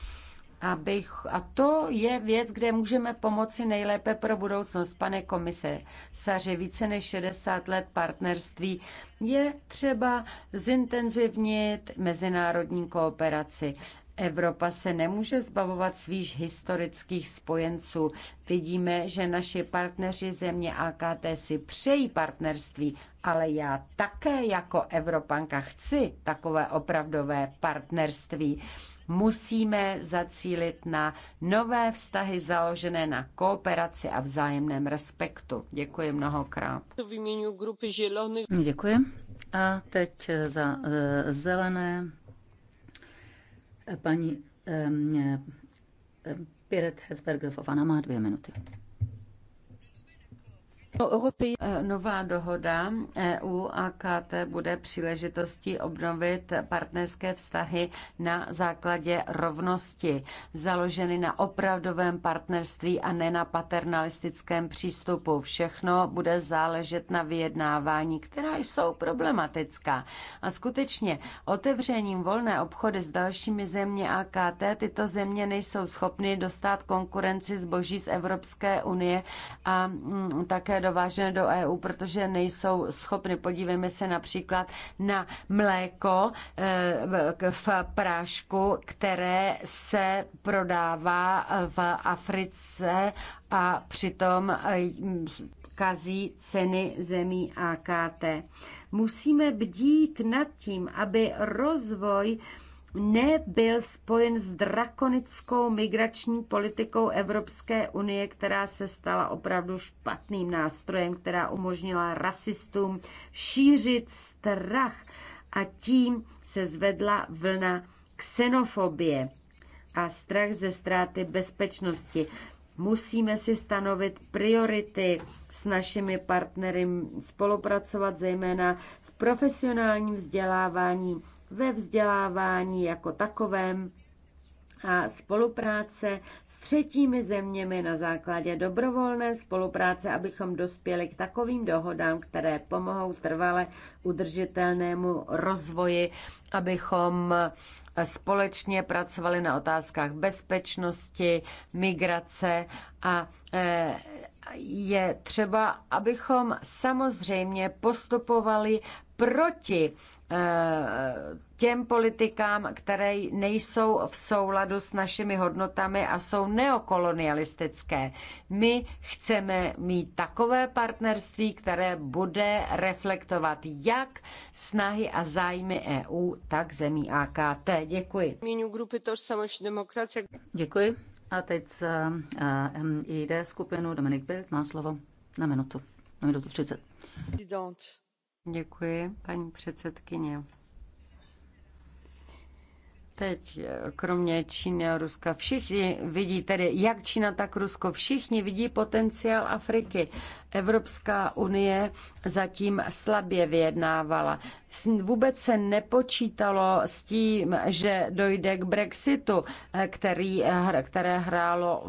Abych, a to je věc, kde můžeme pomoci nejlépe pro budoucnost. Pane komise, Saře, více než 60 let partnerství je třeba zintenzivnit mezinárodní kooperaci. Evropa se nemůže zbavovat svých historických spojenců. Vidíme, že naši partneři země AKT si přejí partnerství, ale já také jako Evropanka chci takové opravdové partnerství. Musíme zacílit na nové vztahy založené na kooperaci a vzájemném respektu. Děkuji mnohokrát. Děkuji. A teď za e, zelené Paní um, Piret Hesberger Fofana má dvě minuty. No, eh, nová dohoda EU a KT bude příležitostí obnovit partnerské vztahy na základě rovnosti, založeny na opravdovém partnerství a ne na paternalistickém přístupu. Všechno bude záležet na vyjednávání, která jsou problematická. A skutečně otevřením volné obchody s dalšími země AKT tyto země nejsou schopny dostat konkurenci zboží z Evropské unie a mm, také do dovážené do EU, protože nejsou schopny. Podívejme se například na mléko eh, v prášku, které se prodává v Africe a přitom eh, kazí ceny zemí AKT. Musíme bdít nad tím, aby rozvoj nebyl spojen s drakonickou migrační politikou Evropské unie, která se stala opravdu špatným nástrojem, která umožnila rasistům šířit strach a tím se zvedla vlna xenofobie a strach ze ztráty bezpečnosti. Musíme si stanovit priority s našimi partnery, spolupracovat zejména v profesionálním vzdělávání ve vzdělávání jako takovém a spolupráce s třetími zeměmi na základě dobrovolné spolupráce, abychom dospěli k takovým dohodám, které pomohou trvale udržitelnému rozvoji, abychom společně pracovali na otázkách bezpečnosti, migrace a e, je třeba, abychom samozřejmě postupovali proti Eh, těm politikám, které nejsou v souladu s našimi hodnotami a jsou neokolonialistické. My chceme mít takové partnerství, které bude reflektovat jak snahy a zájmy EU, tak zemí AKT. Děkuji. Děkuji. A teď z eh, skupinu Dominik Bild má slovo na minutu. Na minutu 30. Děkuji, paní předsedkyně. Teď, eh, kromě Číny a Ruska, všichni vidí tedy, jak Čína, tak Rusko, všichni vidí potenciál Afriky. Evropská unie zatím slabě vyjednávala. Vůbec se nepočítalo s tím, že dojde k Brexitu, eh, který, eh, které hrálo,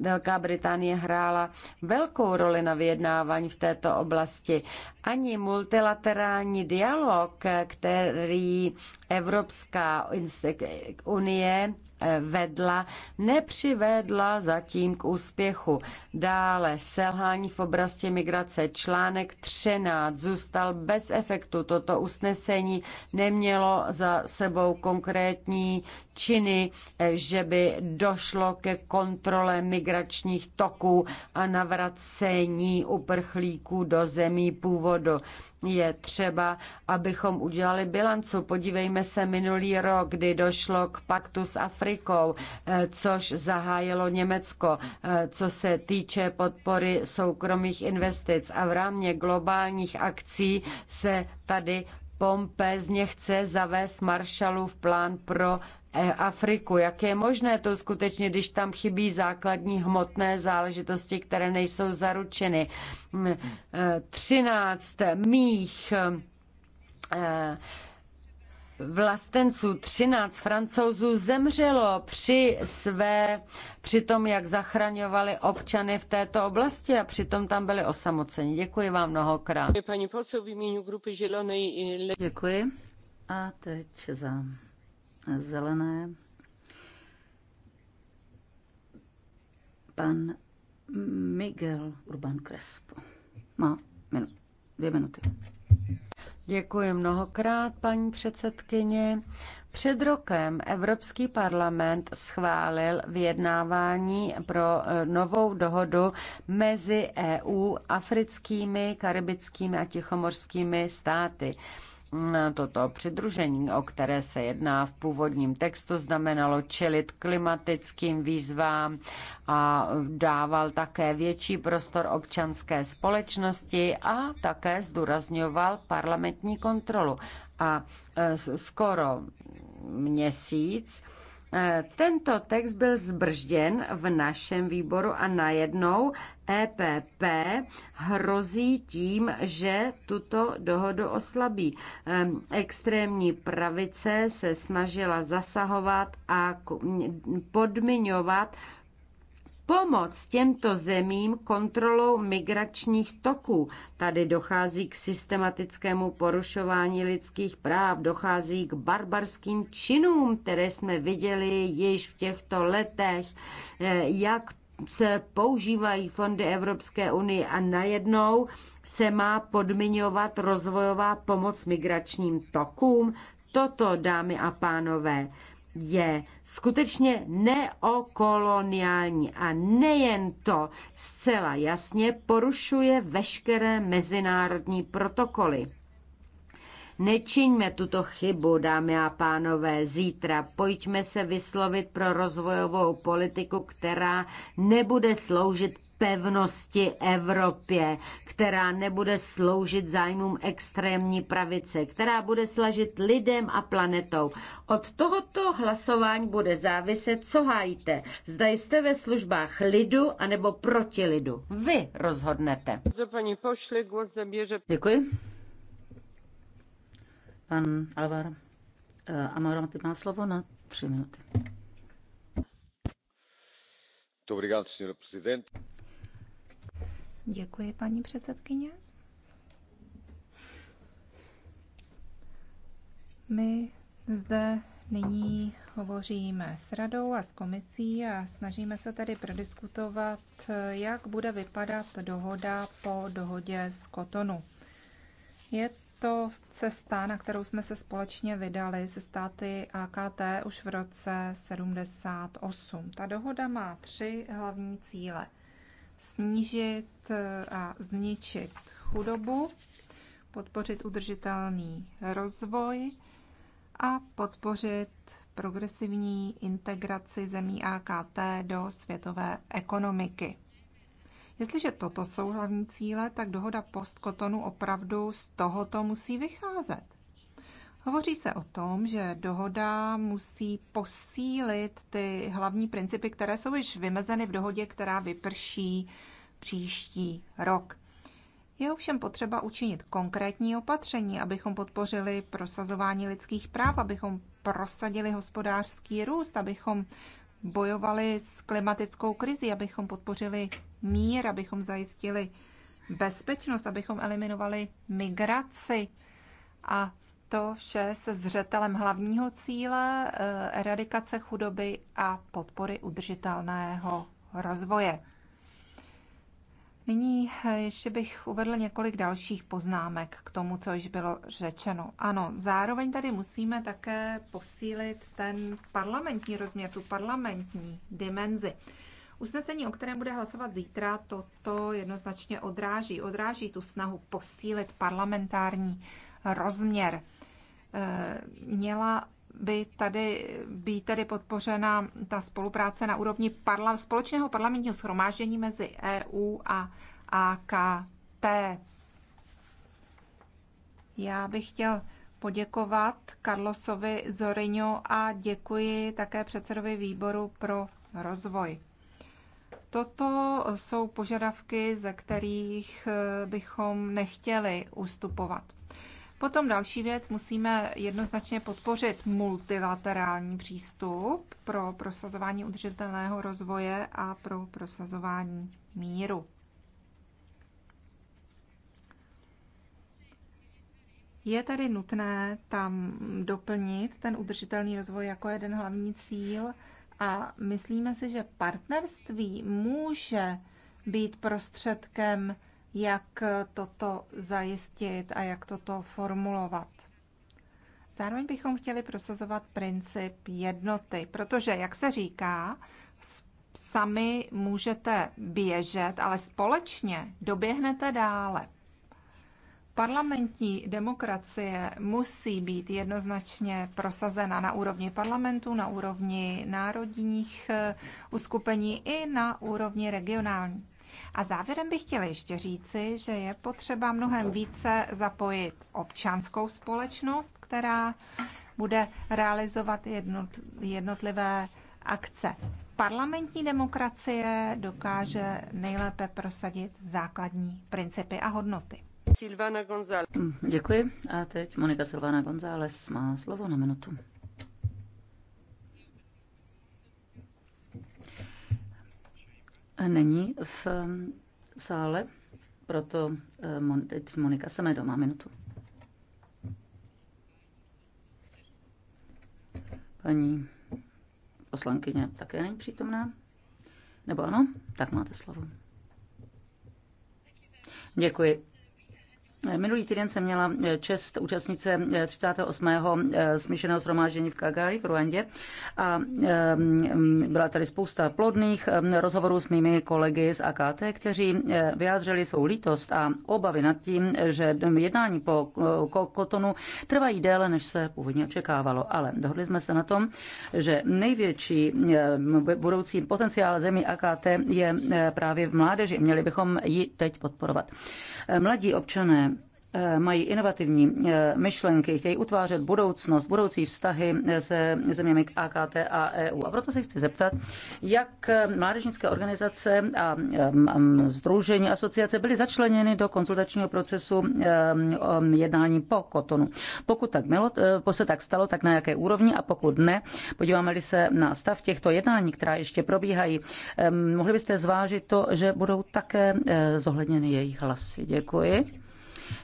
Velká Británie hrála velkou roli na vyjednávání v této oblasti. Ani multilaterální dialog, eh, který Evropská unie vedla, nepřivedla zatím k úspěchu. Dále selhání v oblasti migrace článek 13 zůstal bez efektu. Toto usnesení nemělo za sebou konkrétní činy, eh, že by došlo ke kontrole migračních toků a navracení uprchlíků do zemí původu. Je třeba, abychom udělali bilancu. Podívejme se minulý rok, kdy došlo k paktu s Afrikou, eh, což zahájilo Německo, eh, co se týče podpory soukromých investic. A v rámě globálních akcí se tady pompezně chce zavést Marshallův plán pro Afriku. Jak je možné to skutečně, když tam chybí základní hmotné záležitosti, které nejsou zaručeny? 13 mm, eh, mých eh, vlastenců, 13 francouzů zemřelo při své, při tom, jak zachraňovali občany v této oblasti a přitom tam byli osamoceni. Děkuji vám mnohokrát. Paní posel v grupy Zelené. Děkuji. A teď za zelené. Pan Miguel Urban Crespo má minu, dvě minuty. Děkuji mnohokrát, paní předsedkyně. Před rokem Evropský parlament schválil vyjednávání pro eh, novou dohodu mezi EU, africkými, Karibickými a tichomorskými státy. Mm, toto přidružení, o které se jedná v původním textu, znamenalo čelit klimatickým výzvám a dával také větší prostor občanské společnosti a také zdůrazňoval parlamentní kontrolu. A e, skoro měsíc Eh, tento text byl zbržděn v našem výboru a najednou EPP hrozí tím, že tuto dohodu oslabí. Extrémní pravice se snažila zasahovat a podmiňovat pomoc těmto zemím kontrolou migračních toků. Tady dochází k systematickému porušování lidských práv, dochází k barbarským činům, které jsme viděli již v těchto letech, eh, jak se používají fondy Evropské unie a najednou se má podmiňovat rozvojová pomoc migračním tokům. Toto, dámy a pánové, je skutečně neokoloniální a nejen to zcela jasně porušuje veškeré mezinárodní protokoly. Nečiňme tuto chybu, dámy a pánové, zítra. Pojďme se vyslovit pro rozvojovou politiku, která nebude sloužit pevnosti Evropě, která nebude sloužit zájmům extrémní pravice, která bude slažit lidem a planetou. Od tohoto hlasování bude záviset, co hájíte. Zda jste ve službách lidu anebo proti lidu. Vy rozhodnete. paní pošle, Děkuji. Pan Alvar eh, Amaro má slovo na tři minuty. Děkuji, paní předsedkyně. My zde nyní hovoříme s radou a s komisí a snažíme se tedy prodiskutovat, jak bude vypadat dohoda po dohodě z Kotonu. Je to cesta, na kterou jsme se společně vydali se státy AKT už v roce 78. Ta dohoda má tři hlavní cíle. Snížit a zničit chudobu, podpořit udržitelný rozvoj a podpořit progresivní integraci zemí AKT do světové ekonomiky. Jestliže toto jsou hlavní cíle, tak dohoda postkotonu opravdu z tohoto musí vycházet. Hovoří se o tom, že dohoda musí posílit ty hlavní principy, které jsou již vymezeny v dohodě, která vyprší příští rok. Je ovšem potřeba učinit konkrétní opatření, abychom podpořili prosazování lidských práv, abychom prosadili hospodářský růst, abychom bojovali s klimatickou krizi, abychom podpořili mír, abychom zajistili bezpečnost, abychom eliminovali migraci. A to vše se zřetelem hlavního cíle eh, eradikace chudoby a podpory udržitelného rozvoje. Nyní eh, ještě bych uvedl několik dalších poznámek k tomu, co již bylo řečeno. Ano, zároveň tady musíme také posílit ten parlamentní rozměr, tu parlamentní dimenzi. Usnesení, o kterém bude hlasovat zítra, toto jednoznačně odráží. Odráží tu snahu posílit parlamentární rozměr. Eh, měla by tady být tady podpořena ta spolupráce na úrovni parla- společného parlamentního schromáždění mezi EU a AKT. Já bych chtěl poděkovat Carlosovi Zoriňu a děkuji také předsedovi výboru pro rozvoj. Toto jsou požadavky, ze kterých eh, bychom nechtěli ustupovat. Potom další věc, musíme jednoznačně podpořit multilaterální přístup pro prosazování udržitelného rozvoje a pro prosazování míru. Je tedy nutné tam doplnit ten udržitelný rozvoj jako jeden hlavní cíl a myslíme si, že partnerství může být prostředkem, jak toto zajistit a jak toto formulovat. Zároveň bychom chtěli prosazovat princip jednoty, protože, jak se říká, sami můžete běžet, ale společně doběhnete dále. Parlamentní demokracie musí být jednoznačně prosazena na úrovni parlamentu, na úrovni národních eh, uskupení i na úrovni regionální. A závěrem bych chtěla ještě říci, že je potřeba mnohem více zapojit občanskou společnost, která bude realizovat jednotlivé akce. Parlamentní demokracie dokáže nejlépe prosadit základní principy a hodnoty. Silvana González. Mm, děkuji. A teď Monika Silvana González má slovo na minutu. Není v mm, sále, proto eh, teď Monika Semedo má minutu. Paní poslankyně také není přítomná? Nebo ano? Tak máte slovo. Děkuji. Minulý týden jsem měla eh, čest účastnice 38. Eh, eh, smíšeného zhromáždění v Kagari v Ruandě a mm, byla tady spousta plodných rozhovorů s mými kolegy z AKT, kteří vyjádřili svou lítost a obavy nad tím, že jednání po Kotonu trvají déle, než se původně očekávalo. Ale dohodli jsme se na tom, že největší budoucí potenciál zemí AKT je právě v mládeži. Měli bychom ji teď podporovat. Mladí občané Eh, mají inovativní eh, myšlenky, chtějí utvářet budoucnost, budoucí vztahy eh, se zeměmi k AKT a EU. A proto se chci zeptat, jak mládežnické organizace a združení asociace byly začleněny do konzultačního procesu jednání po Kotonu. Pokud tak milo, po se tak stalo, tak na jaké úrovni a pokud ne, podíváme-li se na stav těchto jednání, která ještě probíhají, mohli byste zvážit to, že budou také zohledněny jejich hlasy. Děkuji.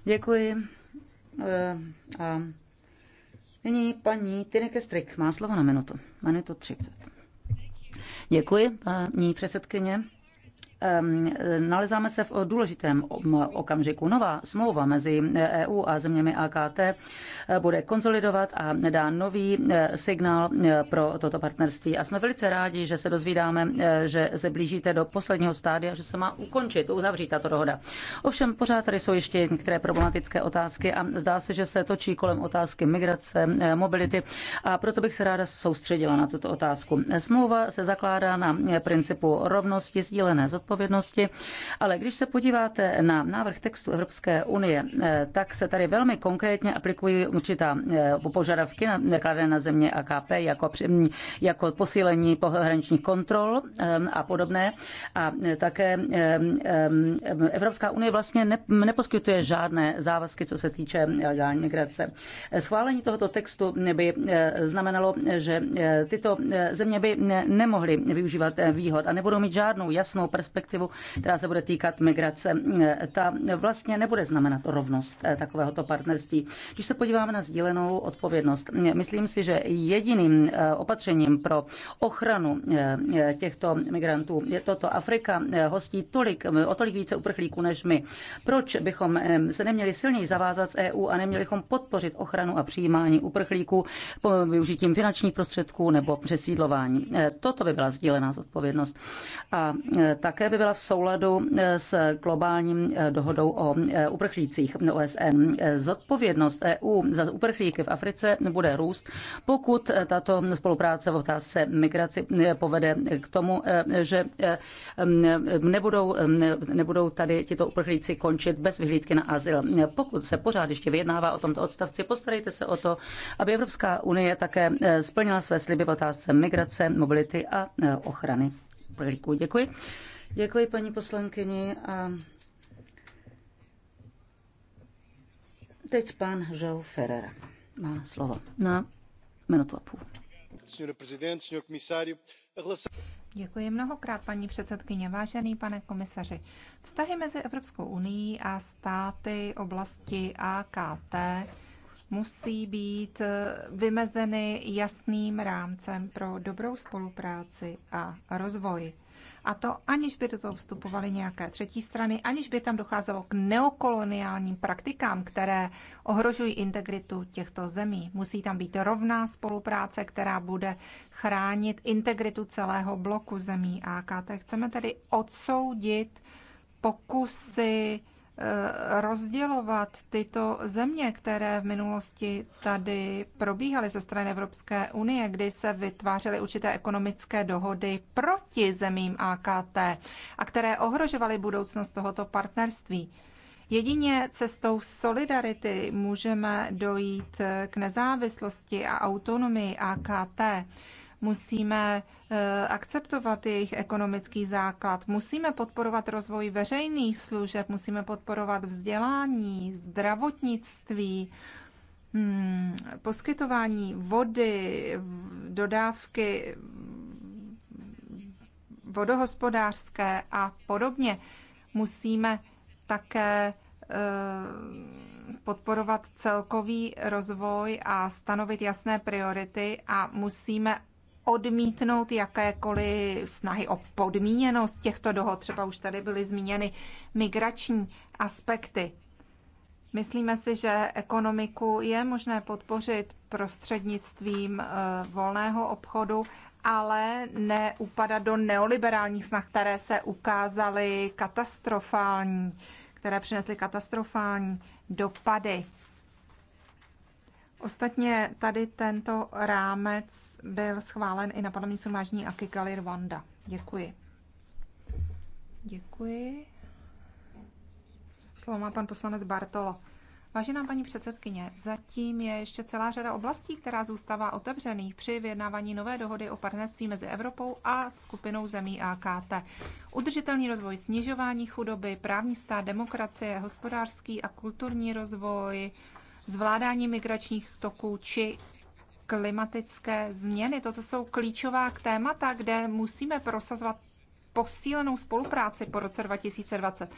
Děkuji. Eh, a nyní paní Tineke Strik má slovo na minutu. Má 30. Děkuji, paní předsedkyně nalezáme se v důležitém okamžiku. Nová smlouva mezi EU a zeměmi AKT eh, bude konsolidovat a dá nový eh, signál eh, pro toto partnerství. A jsme velice rádi, že se dozvídáme, že se blížíte do posledního stádia, že se má ukončit, uzavřít tato dohoda. Ovšem pořád tady jsou ještě některé problematické otázky a zdá se, že se točí kolem otázky migrace, mobility a proto bych se ráda soustředila na tuto otázku. Smlouva se zakládá na principu rovnosti, sdílené zodpovědnosti odpovědnosti. Ale když se podíváte na návrh textu Evropské unie, eh, tak se tady velmi konkrétně aplikují určitá eh, požadavky kladené na země AKP jako, mm, jako posílení pohraničních kontrol eh, a podobné. A také Evropská unie vlastně neposkytuje žádné závazky, co se týče legální migrace. Schválení tohoto textu by znamenalo, že tyto země by nemohly využívat výhod a nebudou mít žádnou jasnou perspektivu perspektivu, která se bude týkat migrace, ta vlastně nebude znamenat rovnost eh, takovéhoto partnerství. Když se podíváme na sdílenou odpovědnost, eh, myslím si, že jediným eh, opatřením pro ochranu těchto migrantů je toto. Afrika hostí tolik, o tolik více uprchlíků než my. Proč bychom se neměli silněji zavázat z EU a neměli bychom podpořit ochranu a přijímání uprchlíků po využitím finančních prostředků nebo přesídlování? Toto by byla sdílená zodpovědnost. A také které by byla v souladu eh, s globálním eh, dohodou o eh, uprchlících OSN. Zodpovědnost EU za uprchlíky v Africe bude růst, pokud tato spolupráce v otázce migraci povede k tomu, že nebudou, nebudou tady tito uprchlíci končit bez vyhlídky na azyl. Pokud se pořád ještě vyjednává o tomto odstavci, postarejte se o to, aby Evropská unie také splnila své sliby v otázce migrace, mobility a ochrany. Děkuji. Děkuji paní poslankyni a teď pan João Ferrer má slovo na minutu a půl. Děkuji mnohokrát, paní předsedkyně. Vážený pane komisaři, vztahy mezi Evropskou unii a státy oblasti AKT musí být vymezeny jasným rámcem pro dobrou spolupráci a rozvoj. A to aniž by do toho vstupovaly nějaké třetí strany, aniž by tam docházelo k neokoloniálním praktikám, které ohrožují integritu těchto zemí. Musí tam být rovná spolupráce, která bude chránit integritu celého bloku zemí AKT. Chceme tedy odsoudit pokusy Eh, rozdělovat tyto země, které v minulosti tady probíhaly ze strany Evropské unie, kdy se vytvářely určité ekonomické dohody proti zemím AKT a které ohrožovaly budoucnost tohoto partnerství. Jedině cestou solidarity můžeme dojít k nezávislosti a autonomii AKT musíme eh, akceptovat jejich ekonomický základ, musíme podporovat rozvoj veřejných služeb, musíme podporovat vzdělání, zdravotnictví, hmm, poskytování vody, dodávky vodohospodářské a podobně. Musíme také eh, podporovat celkový rozvoj a stanovit jasné priority a musíme odmítnout jakékoliv snahy o podmíněnost těchto dohod. Třeba už tady byly zmíněny migrační aspekty. Myslíme si, že ekonomiku je možné podpořit prostřednictvím eh, volného obchodu, ale neupadat do neoliberálních snah, které se ukázaly katastrofální, které přinesly katastrofální dopady. Ostatně tady tento rámec byl schválen i na panovní sumážní Akikali Rwanda. Děkuji. Děkuji. Slovo má pan poslanec Bartolo. Vážená paní předsedkyně, zatím je ještě celá řada oblastí, která zůstává otevřených při vyjednávání nové dohody o partnerství mezi Evropou a skupinou zemí AKT. Udržitelný rozvoj, snižování chudoby, právní stát, demokracie, hospodářský a kulturní rozvoj, zvládání migračních toků či klimatické změny. To, co jsou klíčová témata, kde musíme prosazovat posílenou spolupráci po roce 2020.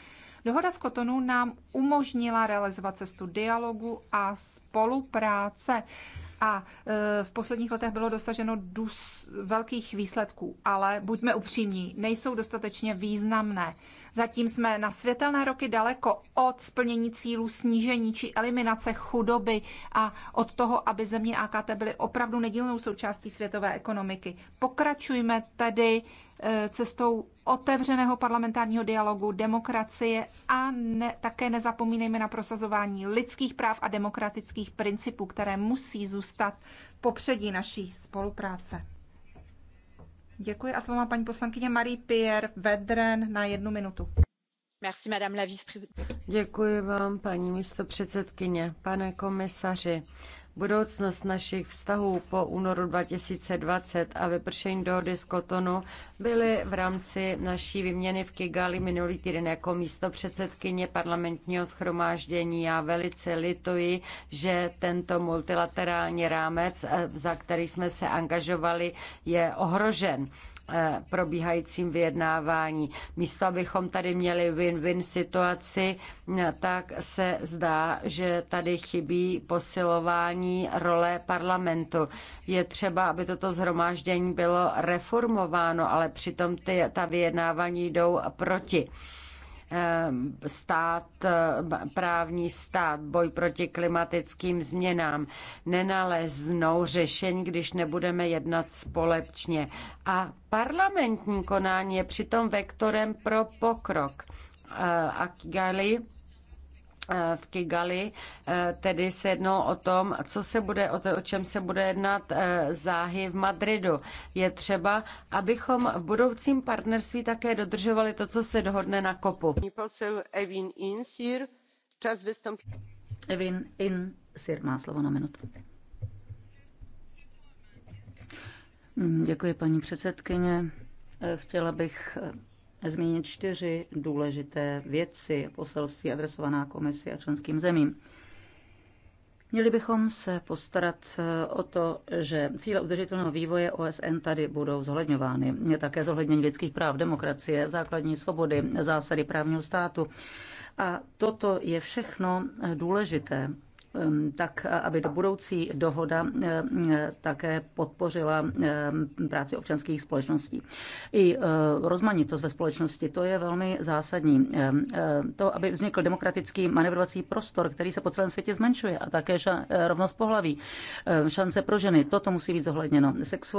Dohoda z Kotonu nám umožnila realizovat cestu dialogu a spolupráce. A e, v posledních letech bylo dosaženo dus velkých výsledků, ale buďme upřímní, nejsou dostatečně významné. Zatím jsme na světelné roky daleko od splnění cílů snížení či eliminace chudoby a od toho, aby země AKT byly opravdu nedílnou součástí světové ekonomiky. Pokračujme tedy e, cestou otevřeného parlamentárního dialogu, demokracie a ne, také nezapomínejme na prosazování lidských práv a demokratických principů, které musí zůstat popředí naší spolupráce. Děkuji a slovo má paní poslankyně Marie-Pierre Vedren na jednu minutu. Merci, madame la vice Děkuji vám, paní místopředsedkyně, pane komisaři. Budoucnost našich vztahů po únoru 2020 a vypršení dohody z Kotonu byly v rámci naší výměny v Kigali minulý týden jako místo předsedkyně parlamentního schromáždění. Já velice lituji, že tento multilaterální rámec, eh, za který jsme se angažovali, je ohrožen. Eh, probíhajícím vyjednávání. Místo, abychom tady měli win-win situaci, eh, tak se zdá, že tady chybí posilování role parlamentu. Je třeba, aby toto zhromáždění bylo reformováno, ale přitom ty, ta vyjednávání jdou proti Eh, stát, eh, právní stát, boj proti klimatickým změnám nenaleznou řešení, když nebudeme jednat společně. A parlamentní konání je přitom vektorem pro pokrok. Eh, a Akgali Eh, v Kigali, eh, tedy se jednou o tom, co se bude, o, to, o čem se bude jednat eh, záhy v Madridu. Je třeba, abychom v budoucím partnerství také dodržovali to, co se dohodne na kopu. Evin Insir, čas vystoupí. Evin Insir má slovo na minutu. Hm, děkuji, paní předsedkyně. Chtěla bych zmínit čtyři důležité věci poselství adresovaná komisi a členským zemím. Měli bychom se postarat eh, o to, že cíle udržitelného vývoje OSN tady budou zohledňovány. Je také zohlednění lidských práv, demokracie, základní svobody, zásady právního státu. A toto je všechno důležité tak aby do budoucí dohoda také podpořila práci občanských společností. I e, rozmanitost ve společnosti, to je velmi zásadní. E, to, aby vznikl demokratický manevrovací prostor, který se po celém světě zmenšuje a také e, rovnost pohlaví, šance pro ženy, toto musí být zohledněno. Sexuální